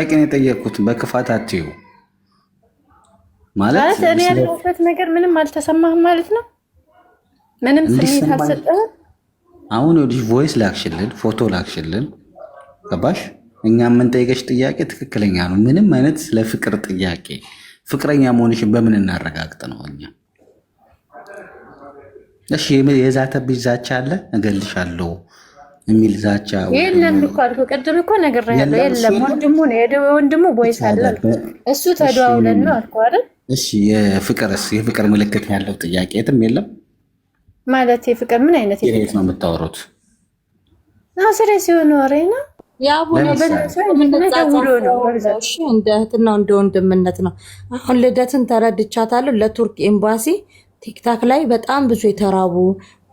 ጥያቄን የጠየቅኩት በክፋት አትዩ ማለት እኔ ያለሁበት ነገር ምንም አልተሰማህም ማለት ነው። ምንም ስሜት አልሰጠህም። አሁን ወዲህ ቮይስ ላክሽልን፣ ፎቶ ላክሽልን። ገባሽ? እኛ የምንጠይቀሽ ጥያቄ ትክክለኛ ነው። ምንም አይነት ስለ ፍቅር ጥያቄ ፍቅረኛ መሆንሽን በምን እናረጋግጥ ነው? እኛ እሺ፣ የዛተብሽ ዛቻ አለ እገልሻለሁ የሚል ዛቻ የለም እኮ አልኩህ። ቅድም እኮ ነግሬሃለሁ። የለም ወንድሙ ነው ወንድሙ ቦይስ አለ እሱ ተደዋውለን ነው አልኩህ አይደል? እሺ የፍቅርስ የፍቅር ምልክት ያለው ጥያቄ የትም የለም ማለት የፍቅር ምን አይነት የት ነው የምታወሩት? ስሬ ሲሆን ወሬ ነው ያቡነውሎ ነው እንደ እህትና እንደ ወንድምነት ነው። አሁን ልደትን ተረድቻታለሁ። ለቱርክ ኤምባሲ ቲክታክ ላይ በጣም ብዙ የተራቡ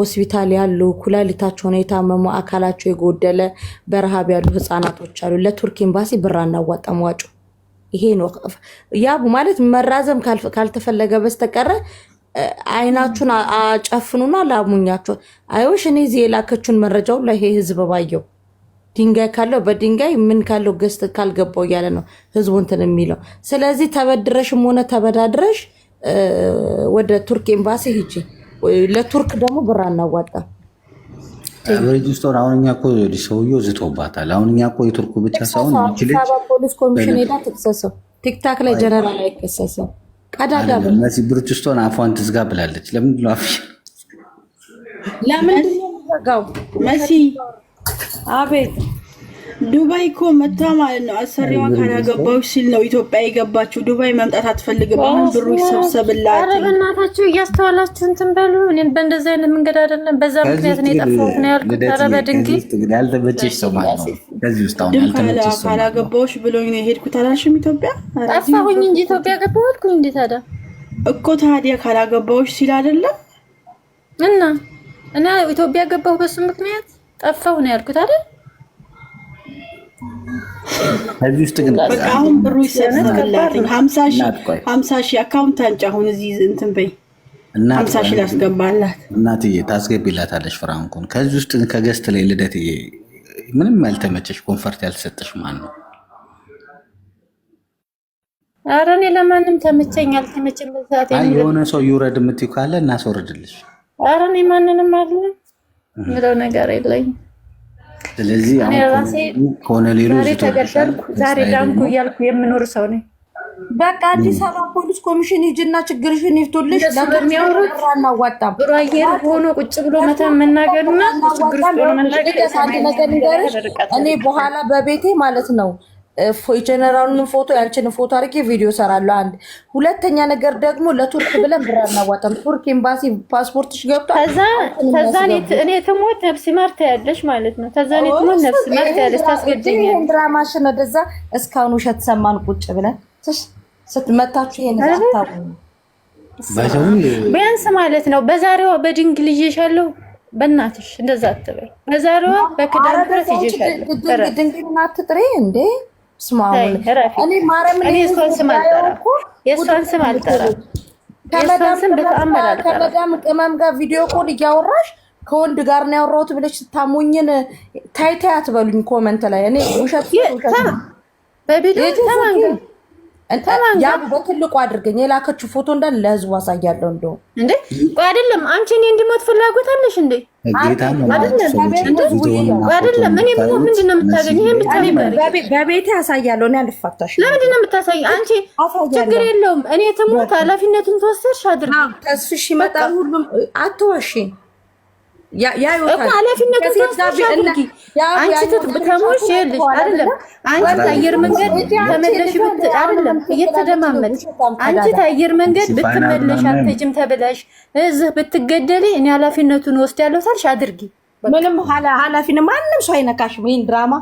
ሆስፒታል ያሉ ኩላሊታቸውን የታመሙ አካላቸው የጎደለ በረሃብ ያሉ ህፃናቶች አሉ። ለቱርክ ኤምባሲ ብር አናዋጣም ዋጩ። ይሄ ነው ያቡ ማለት መራዘም ካልተፈለገ በስተቀረ አይናችሁን አጨፍኑና ላሙኛቸው። አይወሽ እኔ እዚህ የላከችውን መረጃው ለይሄ ህዝብ ባየው ድንጋይ ካለው በድንጋይ ምን ካለው ገዝት ካልገባው እያለ ነው ህዝቡ እንትን የሚለው። ስለዚህ ተበድረሽም ሆነ ተበዳድረሽ ወደ ቱርክ ኤምባሲ ሂጂ። ለቱርክ ደግሞ ብር አናዋጣ ሬጅስተር አሁን እኛ እኮ ሰውዬው ዝቶባታል። አሁን እኛ እኮ የቱርኩ ብቻ ሳይሆን ፖሊስ ኮሚሽን ሄዳ ትቅሰሰው። ቲክታክ ላይ ጀነራል አይከሰሰው። ቀዳዳ እነዚህ ብርጅስቶን አፏን ትዝጋ ብላለች። ለምንድን ነው ለምንድን ነው የሚዘጋው? መሲ አቤት ዱባይ እኮ መታ ማለት ነው። አሰሪዋ ካላገባው ሲል ነው ኢትዮጵያ የገባችው። ዱባይ መምጣት አትፈልግም። አሁን ብሩ ይሰብሰብላት። ኧረ በእናታችሁ እያስተዋላችሁ እንትን በሉ። እኔም በእንደዚህ አይነት መንገድ አይደለም፣ በዛ ምክንያት ነው የጠፋሁት ነው ያልኩት። ኧረ በድንጊት ያልተመቸሽ ሰው ማለት ነው። ከዚህ ውስጥ አሁን ያልተመቸሽ ሰው ካላገባዎች ብሎኝ ነው የሄድኩት። አላልሽም ኢትዮጵያ ጠፋሁኝ እንጂ ኢትዮጵያ ገባሁ አልኩኝ። እንዴት አዳ እኮ ታዲያ ካላገባዎች ሲል አይደለም እና እና ኢትዮጵያ ገባሁ በሱ ምክንያት ጠፋሁ ነው ያልኩት አይደል ከዚህ ውስጥ ግን አሁን ብሩ ይሰነት ሀምሳ ሺህ አካውንት አንጭ አሁን እዚህ እንትን በይ ሀምሳ ሺህ ላስገባላት እናትዬ ታስገቢላታለች ፍራንኩን ከዚህ ውስጥ ግን ከገስት ላይ ልደትዬ ምንም ያልተመቸሽ ኮንፈርት ያልተሰጠሽ ማን ነው ኧረ እኔ ለማንም ተመቸኝ አልተመቸኝ በሰዓት የሆነ ሰው ይውረድ የምትይው ካለ እናስወርድልሽ ኧረ እኔ ማንንም አለ ምለው ነገር የለኝም ስለዚህ ከሆነ ሌሎች ተገደልኩ ዛሬ ዳንኩ እያልኩ የምኖር ሰው ነኝ። በቃ አዲስ አበባ ፖሊስ ኮሚሽን ሂጂና ችግርሽን ይፍቱልሽ። ለሚያወሩት አናዋጣም አየር ሆኖ ቁጭ ብሎ መተ መናገርና ችግር ሆኖ መናገር አንድ ነገር ንገርሽ። እኔ በኋላ በቤቴ ማለት ነው ጀነራሉንም ፎቶ ያንችንን ፎቶ አድርጌ ቪዲዮ ሰራለሁ። አንድ ሁለተኛ ነገር ደግሞ ለቱርክ ብለን ብር አናዋጣም። ቱርክ ኤምባሲ ፓስፖርትሽ ገብቷል። ከዛ እኔ ትሞት ነፍሲ ማር ታያለሽ ማለት ነው። ከዛ እኔ ትሞት ነፍሲ ማር ታያለሽ ታስገድኛለሽ። ይህን ድራማሽን ወደዛ እስካሁን ውሸት ሰማን ቁጭ ብለን ስትመታችሁ ይሄን አታቡ ቢያንስ ማለት ነው በዛሬዋ በድንግል ይዤሻለሁ በእናትሽ እንደዛ አትበይ። በዛሬዋ በክዳን ብረት ይዤሻለሁ ድንግልና ትጥሬ እንዴ የእሷን ስም አልጠራም። ከመዳም ቅመም ጋር ቪዲዮ ኮል እያወራሽ ከወንድ ጋር ነው ያወራሁት ብለሽ ስታሞኝን ታይታይ አትበሉኝ። ኮመንት ላይ እኔ ውሸት በትልቁ አድርገኝ የላከችው ፎቶ እንዳለ ለህዝቡ አሳያለሁ። እንደውም እንዴ አይደለም አንቺ እኔ እንዲሞት ፍላጎት አለሽ እንዴ? አይደለም እኔ ነው የምታገኝ? ይሄን በቤቴ አሳያለሁ። እኔ አልፋታሽ። ለምንድን ነው የምታሳይ? አንቺ ችግር የለውም እኔ ትሞት ኃላፊነቱን ተወሰድሽ አድርግ ተስፍሽ ይመጣል። ሁሉም አትዋሽኝ አየር መንገድ ተመለሽ አይደለም እየተደማመጥሽ አንቺ አየር መንገድ ብትመለሽ አትሄጂም ተብለሽ እዚህ ብትገደሊ እኔ ኃላፊነቱን ወስዳለሁ ሳልሽ አድርጊ። ምንም ኃላፊነት ማንም ሰው አይነካሽም። ይሄን ድራማ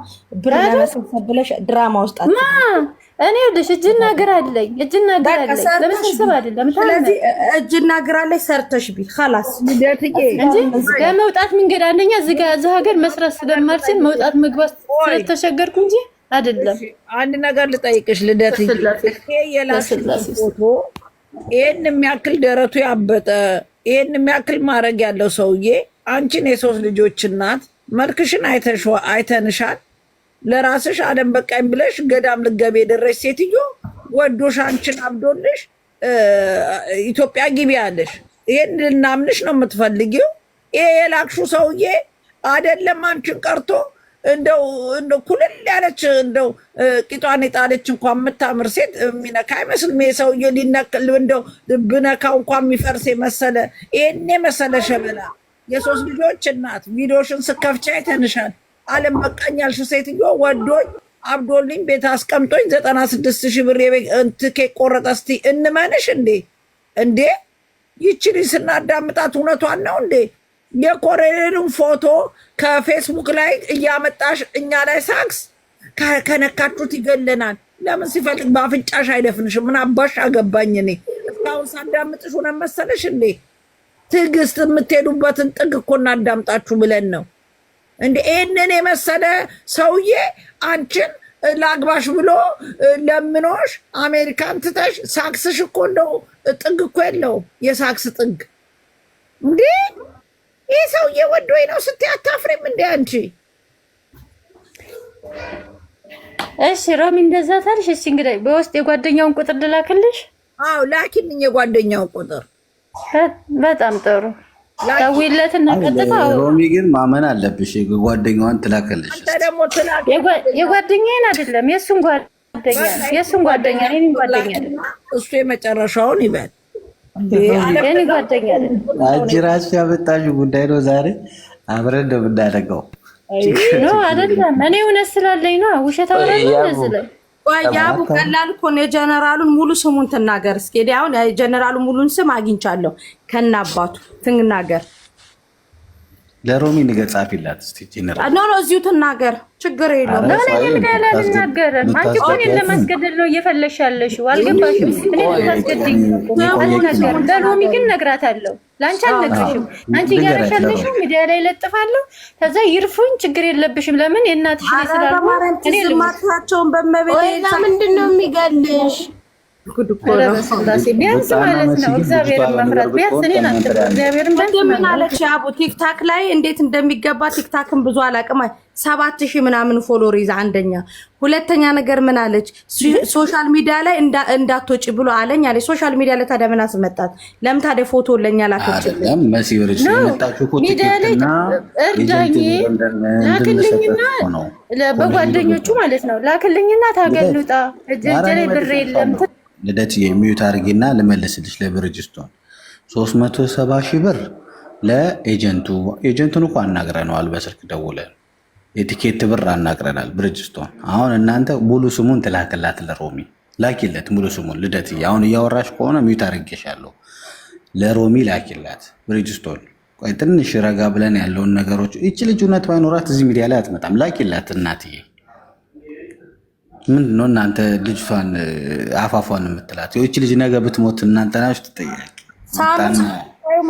ብለሽ ድራማ ውስጥ እኔ ልሽ እጅና እግር አለኝ፣ እጅና እግር አለኝ። ለመሰብሰብ አይደለም። ስለዚህ እጅና እግር አለኝ። ሰርተሽ ቢ ላስ እንጂ ለመውጣት መንገድ አንደኛ እዚህ ሀገር መስራት ስለማልችል መውጣት መግባት ስለተሸገርኩ እንጂ አይደለም። አንድ ነገር ልጠይቅሽ ልደት፣ ይሄ የላስላስ ፎቶ ይሄን የሚያክል ደረቱ ያበጠ ይሄን የሚያክል ማድረግ ያለው ሰውዬ አንቺን የሶስት ልጆች እናት መልክሽን አይተንሻል። ለራስሽ አለም በቃኝ ብለሽ ገዳም ልገብ የደረሽ ሴትዮ ወዶሽ አንቺን አብዶልሽ ኢትዮጵያ ግቢ ያለሽ ይሄን ልናምንሽ ነው የምትፈልጊው? ይሄ የላክሹ ሰውዬ አደለም አንቺን ቀርቶ እንደው ኩልል ያለች እንደው ቂጧን የጣለች እንኳን የምታምር ሴት የሚነካ አይመስልም። ይሄ ሰውዬ እንደው ብነካው እንኳን የሚፈርስ የመሰለ ይሄን የመሰለ ሸበላ የሶስት ልጆች እናት ቪዲዮሽን ስከፍቻ አይተንሻል። አለም በቃኝ ያልሽ ሴትዮ ወዶኝ አብዶልኝ ቤት አስቀምጦኝ ዘጠና ስድስት ሺህ ብር ኬ ቆረጠ። እስቲ እንመንሽ እንዴ እንዴ ይችል ስናዳምጣት እውነቷን ነው እንዴ? የኮሎኔሉን ፎቶ ከፌስቡክ ላይ እያመጣሽ እኛ ላይ ሳክስ ከነካችሁት ይገለናል። ለምን ሲፈልግ በአፍንጫሽ አይደፍንሽም? ምን አባሽ አገባኝ እኔ እስካሁን ሳዳምጥሽ ሆነ መሰለሽ እንዴ? ትዕግስት የምትሄዱበትን ጥግ እኮ እናዳምጣችሁ ብለን ነው። እንደ ይህንን የመሰለ ሰውዬ አንቺን ላግባሽ ብሎ ለምኖሽ አሜሪካን ትተሽ ሳክስሽ እኮ እንደው ጥግ እኮ የለው የሳክስ ጥግ እንዴ ይህ ሰውዬ ወዶኝ ነው ስትይ አታፍሬም እንዴ አንቺ? እሺ ሮሚ እንደዛ ታልሽ። እሺ እንግዲህ በውስጥ የጓደኛውን ቁጥር ልላክልሽ። አዎ ላኪልኝ የጓደኛውን ቁጥር። በጣም ጥሩ ሮሚ ግን ማመን አለብሽ። ጓደኛዋን ትላከለሽ። የጓደኛዬን አይደለም የእሱን ጓደኛ የእሱን ጓደኛ ጓደኛ እሱ የመጨረሻውን ይበል። አንቺ እራስሽ ያመጣሽው ጉዳይ ነው። ዛሬ አብረን እንደምናደርገው አይደለም። እኔ እውነት ስላለኝ ነው ውሸት አወራለሁ ስለ ያቡ ቀላል እኮ ነው። የጀነራሉን ሙሉ ስሙን ትናገር እስኪ። አሁን የጀነራሉን ሙሉን ስም አግኝቻለሁ ከናባቱ ትናገር። ለሮሚ ንገር ጻፊላት። ኖ ኖ እዚሁ ትናገር፣ ችግር የለውም። ልናገርም አንቺ እኮ እኔን ለማስገደድ ነው እየፈለሽ ያለሽ አልገባሽም። እኔ ልታስገድኝ አልነገርም። ለሮሚ ግን ነግራታለሁ። ለአንቺ አልነግርሽም። አንቺ እያረሽ ያለሽው ሚዲያ ላይ ለጥፋለሁ። ከዛ ይርፉኝ፣ ችግር የለብሽም። ለምን የእናትሽ ስላልኩ እኔ ልማቸውን በመቤ ምንድን ነው የሚገልሽ ቢያንስ ማለት ነው እግዚአብሔርን መፍራት ቢያንስ እኔን እግዚአብሔርን ምን አለች አቡ ቲክታክ ላይ እንዴት እንደሚገባ ቲክታክን ብዙ አላቅም። ሰባት ሺህ ምናምን ፎሎወር ይዛ አንደኛ። ሁለተኛ ነገር ምን አለች? ሶሻል ሚዲያ ላይ እንዳትወጪ ብሎ አለኝ አለች። ሶሻል ሚዲያ ላይ ታዲያ ምን አስመጣት? ለምን ታዲያ ፎቶ ለኛ ላከችልኝ? ሚዲያ ላይ እርዳኝ ላክልኝና በጓደኞቹ ማለት ነው ላክልኝና ታገልጣ እጀ ላይ ብር የለም ልደት የሚዩት አድርጌና ልመልስልሽ። ለብርጅስቶን 370 ሺህ ብር ለኤጀንቱ ኤጀንቱን እኮ አናግረነዋል፣ በስልክ ደውለን የቲኬት ብር አናግረናል። ብርጅስቶን አሁን እናንተ ሙሉ ስሙን ትላክላት ለሮሚ ላኪለት፣ ሙሉ ስሙን ልደት። አሁን እያወራሽ ከሆነ ሚዩት አድርጌሻለሁ። ለሮሚ ላኪላት። ብርጅስቶን ትንሽ ረጋ ብለን ያለውን ነገሮች ይቺ ልጅነት ባይኖራት እዚህ ሚዲያ ላይ አትመጣም። ላኪላት እናትዬ ምንድን ነው እናንተ ልጅቷን አፋፏን የምትላት ይች ልጅ ነገ ብትሞት እናንተ ናችሁ ትጠያቂ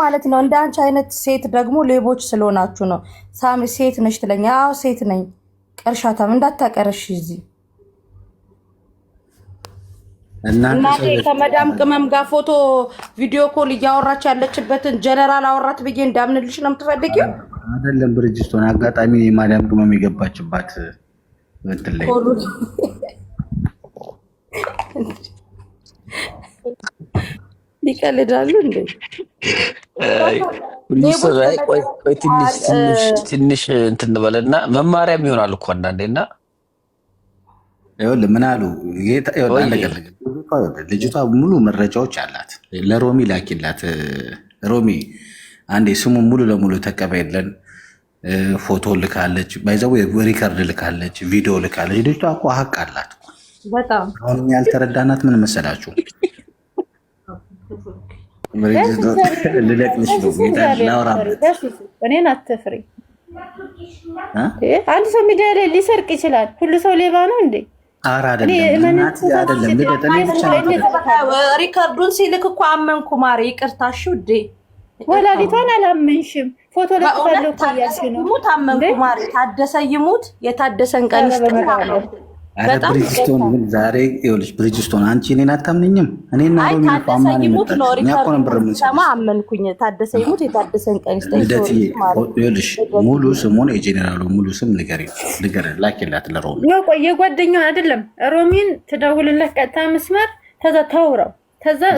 ማለት ነው። እንደ አንቺ አይነት ሴት ደግሞ ሌቦች ስለሆናችሁ ነው። ሳሚ ሴት ነሽ ትለኛ። አዎ ሴት ነኝ። ቀርሻታም እንዳታቀረሽ እዚህ እናቴ ከመዳም ቅመም ጋር ፎቶ ቪዲዮ ኮል እያወራች ያለችበትን ጀነራል አወራት ብዬ እንዳምንልሽ ነው የምትፈልጊው? አይደለም ብርጅስቶን አጋጣሚ ማዳም ቅመም የገባችባት ሊቀልዳሉ እንዴ? ትንሽ እንትን በለና መማሪያም ይሆናል እኮ አንዳንዴ። እና ምን አሉ ልጅቷ ሙሉ መረጃዎች አላት። ለሮሚ ላኪላት። ሮሚ አንዴ ሙሉ ለሙሉ ተቀበለን። ፎቶ ልካለች፣ ባይዛው ሪከርድ ልካለች፣ ቪዲዮ ልካለች። ልጅቷ እኮ ሀቅ አላት። አሁን ያልተረዳናት ምን መሰላችሁ? ልለቅልሽ እኔን አትፍሪ። አንድ ሰው ሚዲያ ላይ ሊሰርቅ ይችላል። ሁሉ ሰው ሌባ ነው እንዴ? ኧረ አይደለም። ሪከርዱን ሲልክ እኮ አመንኩ ማሪ። ይቅርታ ውዴ ወላዲቷን አላመንሽም። ፎቶ ለጥፋለሁ እኮ ነው። ታመንኩ ማሪ ታደሰ ይሙት የታደሰን ቀን ብሪጅስቶን ግን ዛሬ ይኸውልሽ፣ ብሪጅስቶን አንቺ እኔን አታምንኝም። እኔ ሮሚ እኔና አመንኩኝ። ታደሰ ይሙት የታደሰን ቀን ይኸውልሽ፣ ሙሉ ስሙን የጄኔራሉ ሙሉ ስም ንገሪው፣ ንገሪው፣ ላኪላት ለሮሚ። የጓደኛውን አይደለም ሮሚን ትደውልለት ቀጥታ መስመር፣ ተዘተውረው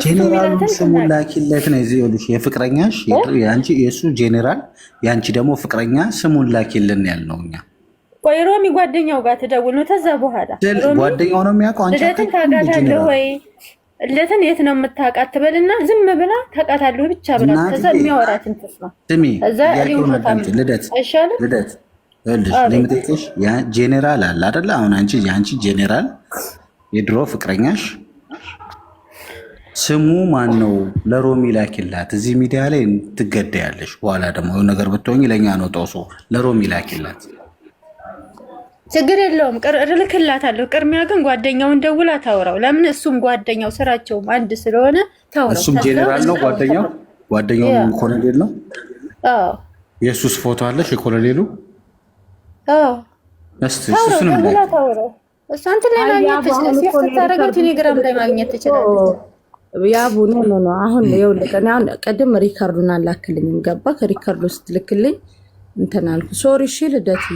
ጄኔራሉን ስሙን ላኪለት ነው ዚ ሉሽ የፍቅረኛሽ የእሱ ጄኔራል የአንቺ ደግሞ ፍቅረኛ ስሙን ላኪልን ያልነው እኛ። ቆይ ሮሚ ጓደኛው ጋር ትደውል ነው። ተዛ በኋላ ጓደኛው ነው የሚያውቀው። ልደትን ታውቃታለህ ወይ? ልደትን የት ነው የምታውቃት ትበልና ዝም ብላ ታውቃታለህ ብቻ ብላ የሚያወራትን ትስማ። ስሚ ልደት ልደት ልምጠቅሽ ጄኔራል አለ አደለ? አሁን አንቺ የአንቺ ጄኔራል የድሮ ፍቅረኛሽ ስሙ ማን ነው? ለሮሚ ላኪላት። እዚህ ሚዲያ ላይ ትገዳያለሽ። በኋላ ደግሞ ነገር ብትሆኝ ለእኛ ነው ጦሶ። ለሮሚ ላኪላት፣ ችግር የለውም እልክላታለሁ። ቅድሚያ ግን ጓደኛውን ደውላ ታውራው። ለምን እሱም ጓደኛው ስራቸውም አንድ ስለሆነ ታውራው። እሱም ጄኔራል ነው ጓደኛው፣ ጓደኛው ኮሎኔል ነው። የእሱስ ፎቶ አለሽ? የኮሎኔሉ እሱንም ታውራው። እሷንትን ላይ ማግኘት ትችላለች። ቴሌግራም ላይ ማግኘት ትችላለች። ያቡ ኖ ኖ ኖ አሁን ይኸውልህ፣ እኔ አሁን ቅድም ሪከርዱን አላክልኝም ገባ ከሪከርዱ ስትልክልኝ እንትን አልኩ። ሶሪ እሺ፣ ልደት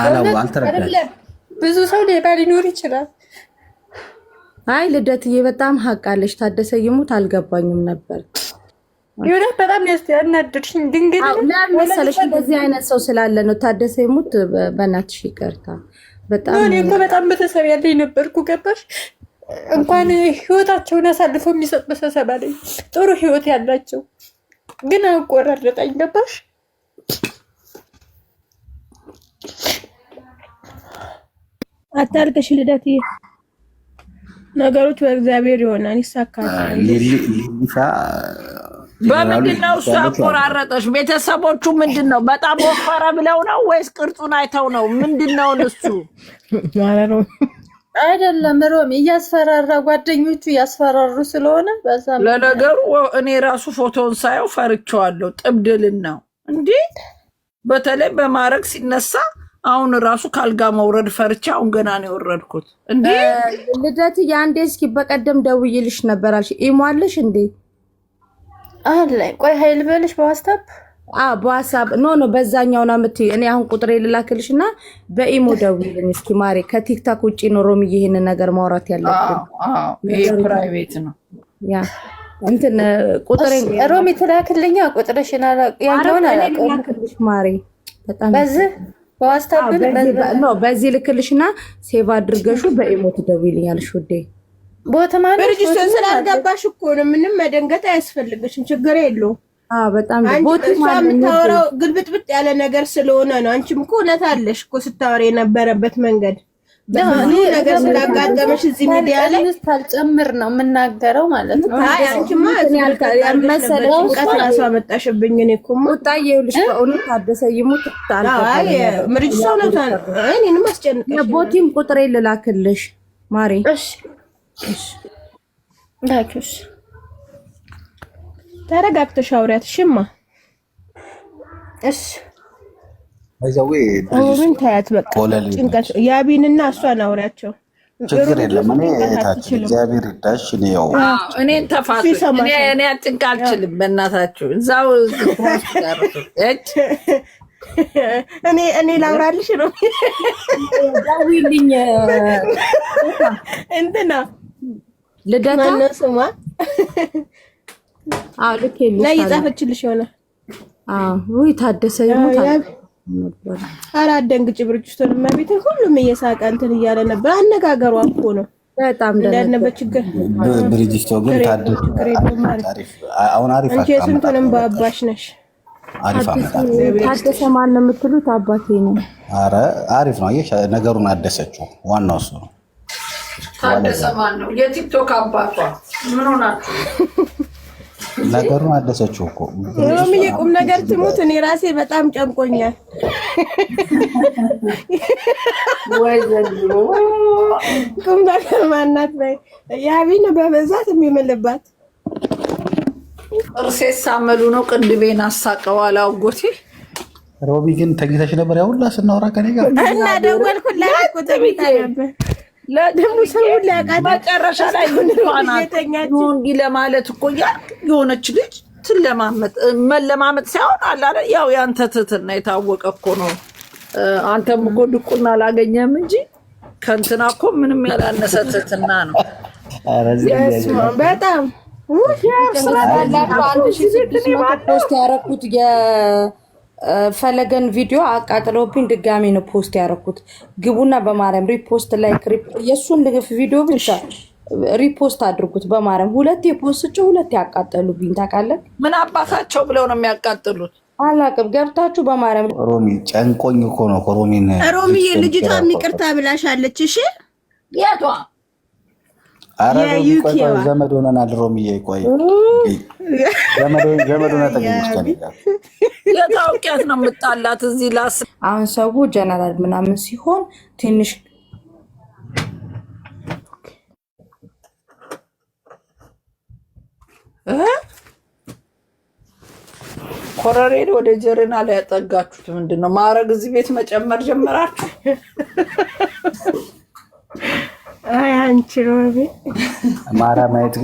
አላው አልተረዳም። ብዙ ሰው ሌባ ሊኖር ይችላል። አይ ልደትዬ፣ በጣም ሀቅ አለሽ። ታደሰ ይሙት አልገባኝም ነበር ይሁዳ በጣም ያናደድሽኝ። ድንግል መሰለሽ እንደዚህ አይነት ሰው ስላለ ነው። ታደሰ ይሙት በእናትሽ ይቅርታ። በጣም እኔ እኮ በጣም በተሰብ ያለኝ ነበርኩ ገባሽ እንኳን ህይወታቸውን አሳልፎ የሚሰጥ በሰሰባ ላይ ጥሩ ህይወት ያላቸው ግን አቆራረጠኝ። ገባሽ? አታልቅሽ ልደት፣ ነገሮች በእግዚአብሔር ይሆናል፣ ይሳካል። በምንድን እሱ ያቆራረጠሽ? ቤተሰቦቹ ምንድን ነው በጣም ወፈረ ብለው ነው ወይስ ቅርጹን አይተው ነው? ምንድን ነውን እሱ አይደለም ሮሚ እያስፈራራ ጓደኞቹ እያስፈራሩ ስለሆነ በዛ። ለነገሩ እኔ ራሱ ፎቶውን ሳየው ፈርቸዋለሁ ጥብድልን ነው እንዲህ በተለይ በማድረግ ሲነሳ አሁን ራሱ ካልጋ መውረድ ፈርቼ አሁን ገና ነው የወረድኩት። እንዴ ልደት የአንዴ እስኪ በቀደም ደውዬልሽ ነበራልሽ። ኢሟልሽ እንዴ አለ ቆይ ሀይል በልሽ በዋስታፕ በዋትሳፕ ኖ ኖ በዛኛው ነው የምትይው። እኔ አሁን ቁጥሬ ልላክልሽ እና በኢሞ ደውልልኝ እስኪ ማሬ። ከቲክታክ ውጭ ነው ሮሚ ይህን ነገር ማውራት ያለብን ፕራይቬት ነው። ያ እንትን ቁጥር ሮሚ ትላክልኛ ቁጥርሽን ያለውን አላውቅም ማሬ። በጣም በዚህ በዋትሳፕ በዚህ ልክልሽ እና ሴቭ አድርገሹ በኢሞ ትደውይልኛለሽ ውዴ። ቦትማ ሬጅስተር ስላልገባሽ እኮ ነው። ምንም መደንገጥ አያስፈልግሽም። ችግር የለውም። በጣም የምታወራው ግልብጥብጥ ያለ ነገር ስለሆነ ነው። አንቺም እኮ እውነት አለሽ እኮ ስታወሪ የነበረበት መንገድ ብዙ ነገር ስላጋጠመሽ እዚህ ሚዲያ ላይ ታልጨምር ነው የምናገረው ማለት ነው። አይ አንቺማ ያልመሰለው ጭንቀት ራሱ አመጣሽብኝ። እኔ እኮ ቁጣዬ ይኸውልሽ፣ በእውነት ታደሰ ይሙት ምርጭ ሰው ነው። እኔንም አስጨንቀሽ ቦቲም ቁጥሬ ልላክልሽ ማሬ። እሺ እሺ ላኪሽ ተረጋግተሽ አውሪያት ሽማ። እሺ አይዛው እሩን ታያት። በቃ ጭንቀት ያቢንና እሷን አውሪያቸው። ችግር የለም። እኔ ታችን እግዚአብሔር ይዳሽ ነው። እኔን ተፋቱ። እኔ አጭንቅ አልችልም። በእናታችሁ እዛው እኔ እኔ ላውራልሽ ነው። ዳዊልኝ እንትና ልደታ ነው ስሟ አዎ ልክ ላይ የጻፈችልሽ ይሆናል። አዎ ወይ ታደሰ ይሞት ነበር። ኧረ አትደንግጭ ብርጅስቶን ማቤት ሁሉም እየሳቀ እንትን እያለ ነበር። አነጋገሯ እኮ ነው በጣም እንዳልነበረ ችግር ብርጅስቶ ግን አሁን አሪፍ አንቺ ስንቱንም በአባሽ ነሽ። ታደሰ ማን ነው የምትሉት? አባቴ ነው። ኧረ አሪፍ ነው። አየሽ ነገሩን አደሰችው። ዋናው እሱ ነው። ታደሰ ማን ነው የቲክቶክ አባቷ? ምን ሆናችሁ ነገሩን አደሰችው እኮ ሮሚ የቁም ነገር ትሙት። እኔ ራሴ በጣም ጨንቆኛል። ቁም ነገር ማናት ላይ ያቢን በበዛት የሚምልባት ጥርሴ ሳመሉ ነው። ቅንድቤን አሳቀዋል አጎቴ ሮቢ ግን ተኝተሽ ነበር። ያው ሁላ ስናወራ ከኔ ጋር እና ደወልኩላት እኮ ተኝታ ነበር ደግሞ ሰው ላቃት መጨረሻ ላይ እንዲህ ለማለት እኮ የሆነች ልጅ ትለማመጥ መለማመጥ ሳይሆን አላለ ያው የአንተ ትህትና የታወቀ እኮ ነው። አንተም እኮ ድቁና አላገኘም እንጂ ከእንትና እኮ ምንም ያላነሰ ትህትና ነው። በጣም ውሽ ያረኩት ፈለገን ቪዲዮ አቃጥለውብኝ ድጋሚ ነው ፖስት ያደረኩት። ግቡና በማርያም ሪፖስት ላይክ የእሱን ልግፍ ቪዲዮ ብቻ ሪፖስት አድርጉት በማርያም። ሁለት የፖስት ሁለት ያቃጠሉብኝ ታውቃለህ። ምን አባታቸው ብለው ነው የሚያቃጥሉት? አላቅም ገብታችሁ በማርያም። ሮሚ ጨንቆኝ እኮ ነው ሮሚን። ሮሚ ልጅቷ ይቅርታ ብላሻለች። እሺ የቷ ዘመድ ሆነናል። ሮሚ ቆይ ዘመድ ሆነ ተገኝች የታውቂያት ነው የምጣላት እዚህ ላስ አሁን ሰው ጀነራል ምናምን ሲሆን ትንሽ ኮረሬን ወደ ጀሬና ላይ ያጠጋችሁት ምንድን ነው ማድረግ? እዚህ ቤት መጨመር ጀመራችሁ። አይ አንቺ ነው ማራ ማየት